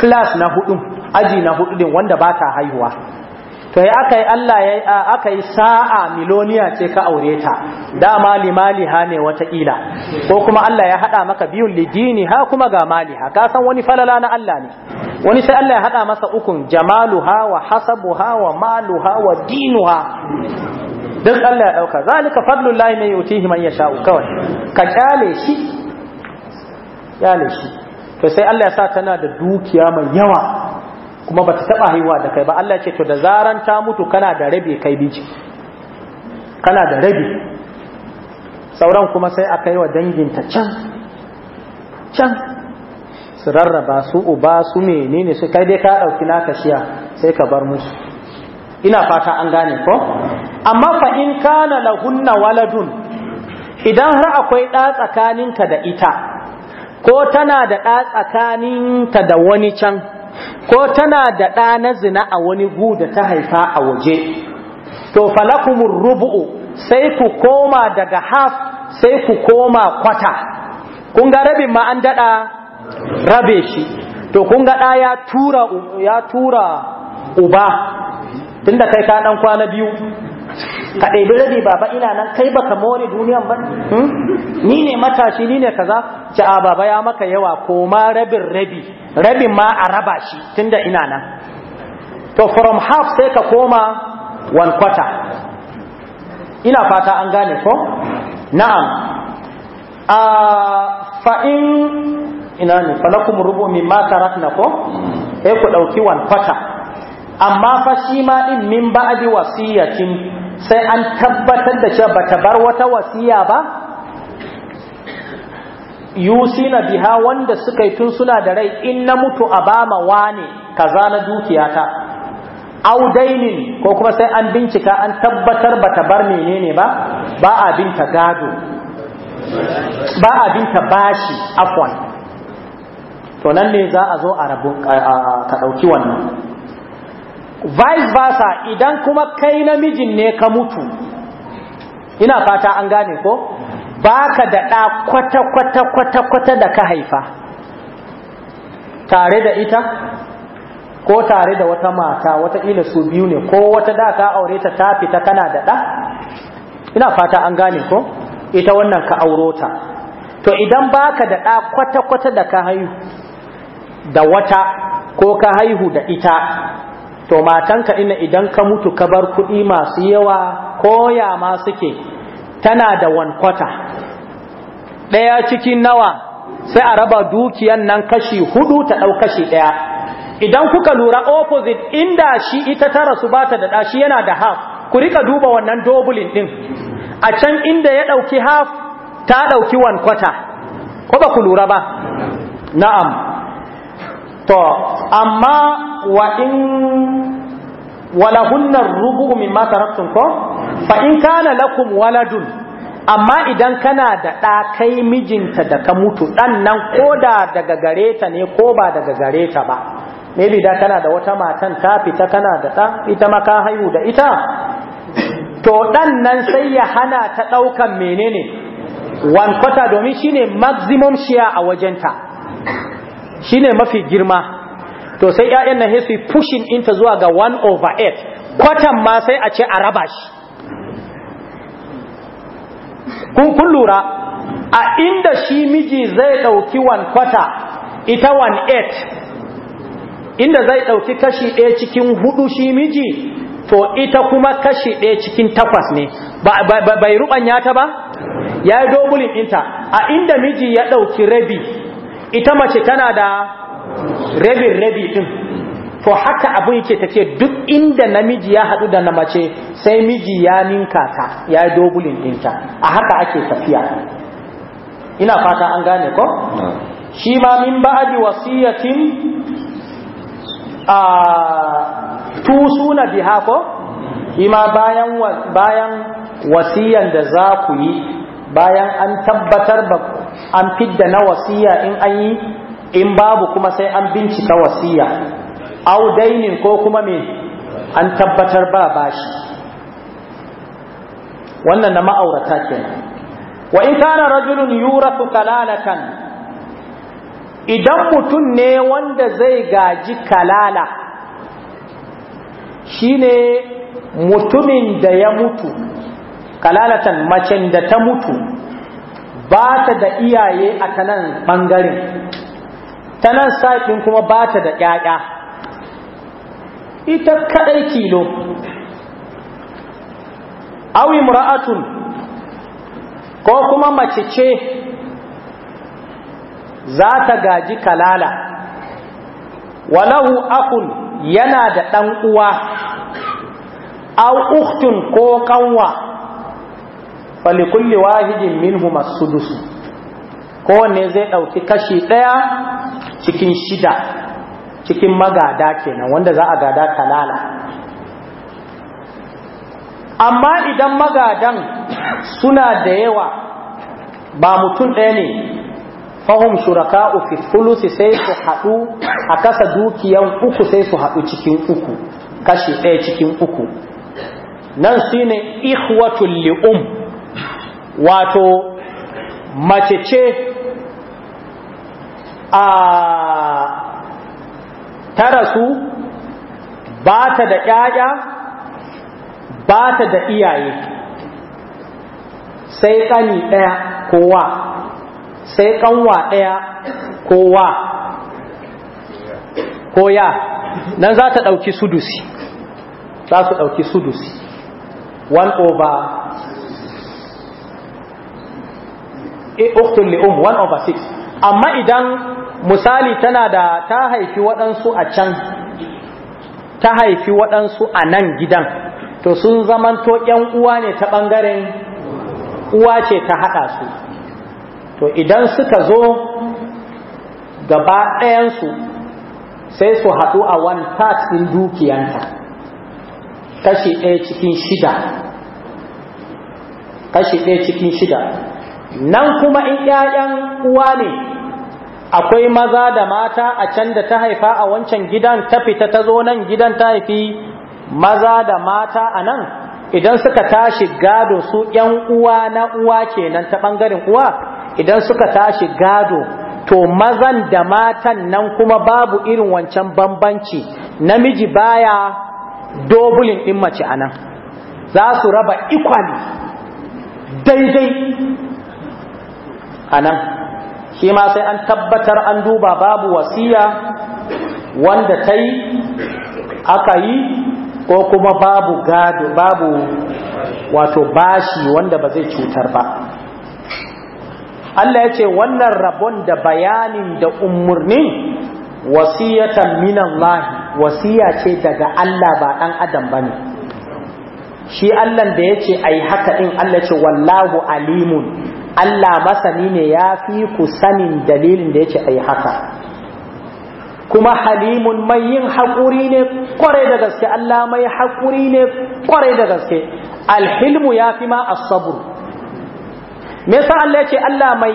class na hudu aji na hudu din wanda ba ta haihuwa to ya aka yi Allah ya aka yi sa'a miloniya ce ka aure ta dama limaliha ne wata wataƙila ko kuma Allah ya haɗa maka biyun lidini ha kuma ga maliha ka san wani falala na Allah ne wani sai Allah ya haɗa masa ukun Jamalu, wa ha wa maluha wa ha duk Allah ya ɗauka zalika fadlullahi mai yutihi man sha'u. kawai ka kyale shi kyale shi to sai Allah ya sa tana da dukiya mai yawa kuma bata ta taɓa haihuwa da kai ba Allah ce to da zaran ta mutu kana da rabe kai biji kana da rabe sauran kuma sai a kai wa danginta can can su rarraba su uba su menene su kai dai ka ɗauki naka shiya sai ka bar musu ina fata an gane ko amma fa in kana lahunna waladun idan har akwai ɗa tsakaninka da ita ko tana da ɗa tsakaninta da wani can ko tana da ɗa na zina a wani gu da ta haifa a waje to falakumur rubu'u sai ku koma daga haf sai ku koma kwata kun ga rabin ma an daɗa rabe shi to kun ga ɗa ya tura ya tura uba
tunda kai ka ɗan
kwana biyu ka ɗaibi rabi baba ina nan kai baka more duniyan ba hmm? ni ne matashi ni ne kaza ci a baba ya maka yawa ko ma rabin rabi rabin ma a raba shi tunda ina nan to from half sai ka koma one quarter ina fata an gane ko na'am a fa'in ina ne falakun rubu mimma tarakna ko sai ku ɗauki one quarter amma fa shi ma ɗin min ba'adi wasiyatin sai an tabbatar da cewa bata bar wata wasiya ba yusina biha wanda suka yi tun suna da rai in na mutu a bama wane kaza na dukiyata au dainin ko kuma sai an bincika an tabbatar bata bar menene ba ba abinta gado ba abinta bashi afon. to nan ne za a zo a rabu ka dauki wannan vice versa idan kuma kai namijin ne ka mutu ina fata an gane ko baka da ɗa kwata-kwata-kwata-kwata da ka haifa tare da ita ko tare da wata mata wata ila su biyu ne ko wata da ka aure ta ta fita kana da ɗa ina fata an gane ko ita wannan ka auro ta to idan baka da ɗa kwata-kwata da ka haihu da wata ko ka haihu da ita to matanka ina idan ka mutu ka bar kuɗi masu yawa koya ma suke tana da wankwata ɗaya cikin nawa sai a raba dukiyan nan kashi hudu ta ɗau kashi ɗaya idan kuka lura opposite inda shi ita ta rasu ba da ɗashi yana da half ku rika duba wannan dobulin ɗin a can inda ya ɗauki half ta ɗauki wankwata ko ba ku lura ba na'am to amma wa in walahunna rubu mimma taraktum ko fa in kana lakum waladun amma idan kana da ɗa kai mijinta da ka mutu ɗan nan ko da daga gareta ne ko ba daga gareta ba maybe da kana da wata matan ta fita kana da ɗa ita ma ka haihu da ita to ɗan nan sai ya hana ta ɗaukan menene one domin shine maximum share a wajenta shine mafi girma to sai ƴaƴan nan sai su pushing inta zuwa ga 1 over 8 kwatan ma sai a ce a raba shi kun kullura a inda shi miji zai dauki 1 kwata ita 1 8 inda zai dauki kashi 1 cikin hudu shi miji to ita kuma kashi 1 cikin 8 ne bai ruɓanya ta ba yayi dobulin inta a inda miji ya dauki rabi ita mace tana da rabin rabi din to haka abin yake tace duk inda namiji ya hadu da na mace sai miji ya ninka ta ya yi din ɗinta a haka ake tafiya ina fata an gane ko shi ma min ba'adi wasiyatin a tusuna biha ko shi ma bayan bayan wasiyan da za ku yi bayan an tabbatar ba an fidda na wasiya in an yi in babu kuma sai an bincika wasiya au dainin ko kuma me an tabbatar ba bashi wannan na ma'aurata kenan wa in kana rajulun yurasu kalalatan idan mutum ne wanda zai gaji kalala shine mutumin da ya mutu kalalatan macen da ta mutu ba ta da iyaye a tanan ɓangaren ta nan sa'in kuma ba ta da ƴaƴa ita kaɗai kilo awi mura'atun ko kuma mace ce za ta gaji kalala walahu akun yana da ɗan uwa au uktun ko kanwa falikulli wahidin minhu masu dusu kowanne zai ɗauki kashi ɗaya cikin shida cikin magada kenan wanda za a gada kalala amma idan magadan suna da yawa ba mutum ɗaya ne fahim shuraka fi thuluthi sai su haɗu a kasa dukiyan uku sai su haɗu cikin uku kashi ɗaya cikin uku nan ne ikhwatul li'um wato mace ce a ta rasu ba ta da ƴaƴa ba ta da iyaye sai ƙani ɗaya kowa sai ƙanwa ɗaya kowa koya nan za ta ɗauki sudusi za su ɗauki sudusi one over uktun li'um one over six amma idan misali tana da ta haifi waɗansu a can ta haifi waɗansu a nan gidan to sun zamanto ƴan uwa ne ta ɓangaren uwa ce ta haɗa su to idan suka zo gaba ɗayansu sai su haɗu a wani part dukiyanta kashi ɗaya cikin shida kashi ɗaya cikin shida nan kuma in ƴaƴan uwa ne akwai maza da mata a can da ta haifa a wancan gidan ta fita ta zo nan gidan ta haifi maza da mata a nan idan suka tashi gado su ‘yan uwa na uwa kenan ta ɓangaren uwa idan suka tashi gado to mazan da matan nan kuma babu irin wancan bambanci namiji baya dobulin ɗin mace a nan za su raba ikwali daidai a nan shi ma sai an tabbatar an duba babu wasiya wanda ta yi aka yi ko kuma babu gado babu wato bashi wanda ba zai cutar ba Allah ya ce wannan rabon da bayanin da umarnin wasiyatan minan lahi wasiya ce daga Allah ba ɗan adam ba ne shi Allah da ya ce a haka ɗin Allah ce wallahu alimun Allah masani ne ya fi ku sanin dalilin da ya ce a yi haka kuma halimun mai yin haƙuri ne kwarai da gaske Allah mai haƙuri ne kwarai da gaske alhilmu ya fi ma asabur me yasa Allah ya ce Allah mai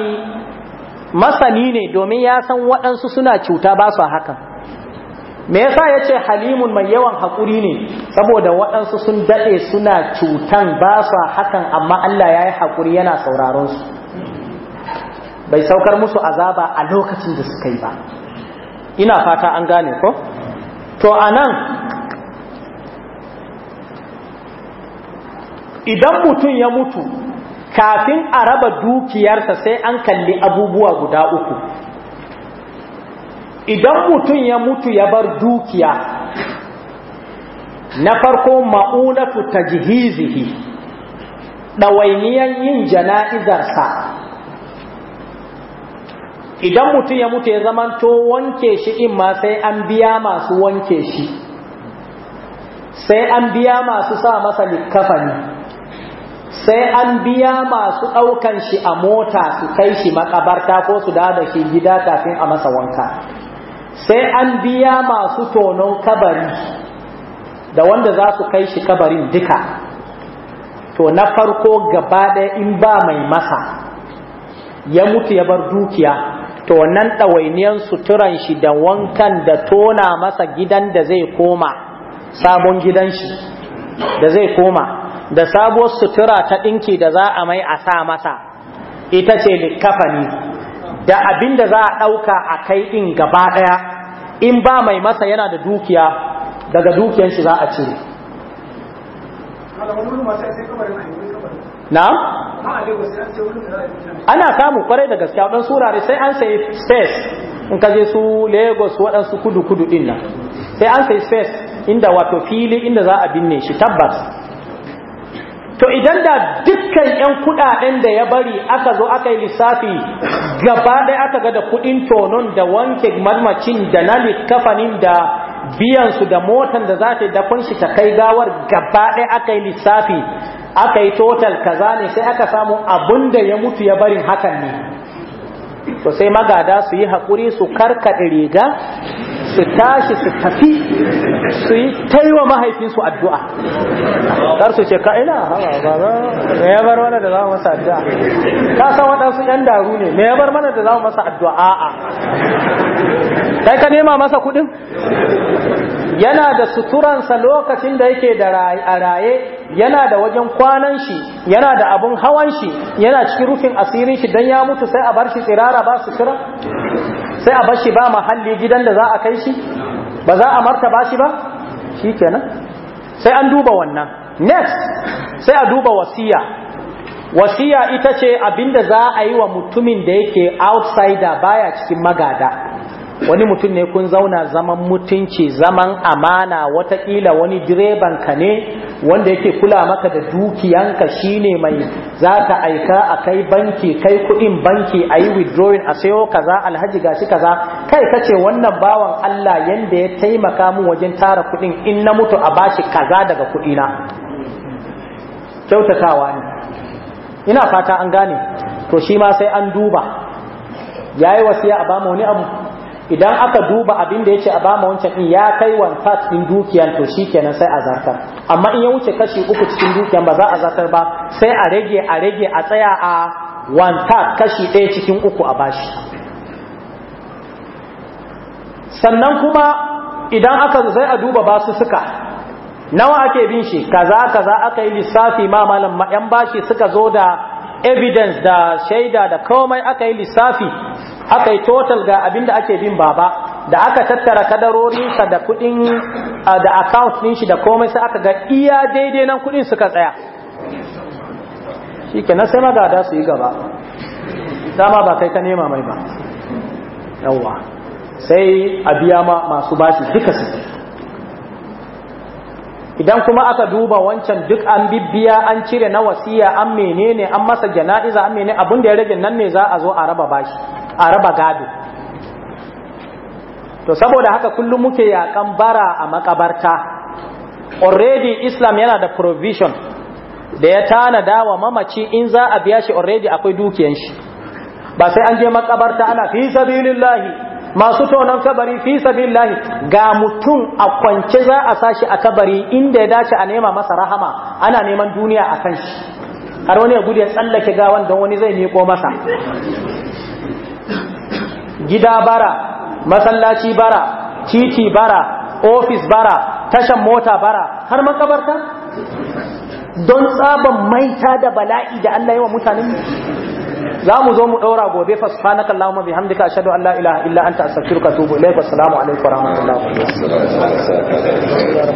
masani ne domin ya san waɗansu suna cuta ba su haka me yasa yace ce halimun mai yawan haƙuri ne saboda waɗansu sun daɗe suna cutan ba sa hakan amma Allah ya yi haƙuri yana sauraron su bai saukar musu azaba a lokacin da suka yi ba ina fata an gane ko to a nan idan mutum ya mutu kafin a raba dukiyarsa sai an kalli abubuwa guda uku idan mutum ya mutu ya bar dukiya na farko ma'unatu ta jihizihi ɗawainiyan yin jana'izarsa idan mutum ya mutu ya zamanto wanke shi in ma sai an biya masu wanke shi sai an biya masu sa masa likafani sai an biya masu ɗaukan shi a mota su kai shi makabarta ko su da shi gida kafin a masa wanka sai an biya masu tonon kabari da wanda za su kai shi kabarin duka to na farko gaba ɗaya in ba mai masa ya mutu ya bar dukiya to wannan ɗawainiyar suturan shi da wankan da tona masa gidan da zai koma sabon gidan shi da zai koma da sabuwar sutura ta ɗinki da za a mai a sa masa ita ce likafani da abin da za a ɗauka a kai ɗin gaba ɗaya in ba mai masa yana da dukiya daga dukiyan za a cire na? ana samu kwarai da gaskiya waɗansu wurare sai an sayi space in ka je su lagos waɗansu kudu-kudu ɗin nan sai an sai space inda wato fili inda za a binne shi tabbas to idan da dukkan 'yan kudaden da ya bari aka zo aka yi lissafi gaba ɗaya aka ga da kuɗin tonon da wanke marmacin da na likafanin da biyansu da motan da za ta dafon shi ta kai gawar gaba ɗaya aka yi lissafi aka yi total kaza ne sai aka samu abun da ya mutu ya barin hakan ne to sai magada su yi haƙuri su karkaɗe riga su tashi su tafi su yi taiwa mahaifinsu addu'a kar su ce ka'ina me ya bar mana da za mu masa addu'a ka san waɗansu ‘yan daru ne me ya bar mana da za mu masa addu'a a'a kai ka nema masa kuɗin yana da suturansa lokacin da yake da raye yana da wajen kwanan shi yana da abun hawan shi yana cikin rufin asirin shi don ya mutu sai a bar shi tsirara ba sutura sai a bashi ba mahalli gidan da za a kai shi ba za a martaba shi ba shi kenan sai an duba wannan next sai a duba wasiya wasiya ita ce abinda za a yi wa mutumin da yake outsider baya cikin magada wani mutum ne kun zauna zaman mutunci zaman amana watakila wani direban ka ne wanda yake kula maka da dukiyanka shine mai za ka aika a kai banki kai kudin banki a yi withdrawing a sayo kaza alhaji gashi kaza kai kace wannan bawan Allah yanda ya taimaka mu wajen tara kudin in na mutu a bashi kaza daga kudina kyautatawa ne ina fata an gane to shi ma sai an duba yayi wasiya a ba mu wani abu idan aka duba abin da yace a bama wancan din ya kai one third din dukiyan to shikenan sai a zartar amma in ya wuce kashi uku cikin dukiyan ba za a zartar ba sai a rage a rage a tsaya a one third kashi ɗaya cikin uku a bashi sannan kuma idan aka zai a duba basu suka nawa ake bin shi kaza kaza aka yi lissafi ma malam yan bashi suka zo da evidence da shaida da komai aka yi lissafi aka yi total ga abinda ake bin baba da aka tattara kadarorinsa da kudin da account din shi da komai sai aka ga iya daidai nan kudin suka tsaya shi kenan sai magada su yi gaba dama ba kai ka nema mai ba yawa sai a biya ma masu bashi duka su idan kuma aka duba wancan duk an bibbiya an cire na wasiya an menene an masa jana'iza an menene abin da ya rage nan ne za a zo a raba bashi a raba gado to saboda haka kullum muke yakan bara a makabarta already islam yana da provision da ya tanada wa mamaci in za a biya shi already akwai dukiyan shi ba sai an je makabarta ana fi sabilillahi masu tonon kabari fi sabilillahi ga mutum a kwance za a sashi a kabari inda ya dace a nema masa rahama ana neman duniya a shi har wani ya gudu ya tsallake gawan don wani zai miƙo masa gida bara masallaci bara titi bara ofis bara tashan mota bara har makabarta don tsaban maita da bala'i da Allah yawa mutanen za mu zo mu ɗora gobe fa subhanaka allahumma bihamdika ashhadu an la ilaha illa anta astaghfiruka wa atubu ilaik wa assalamu
alaikum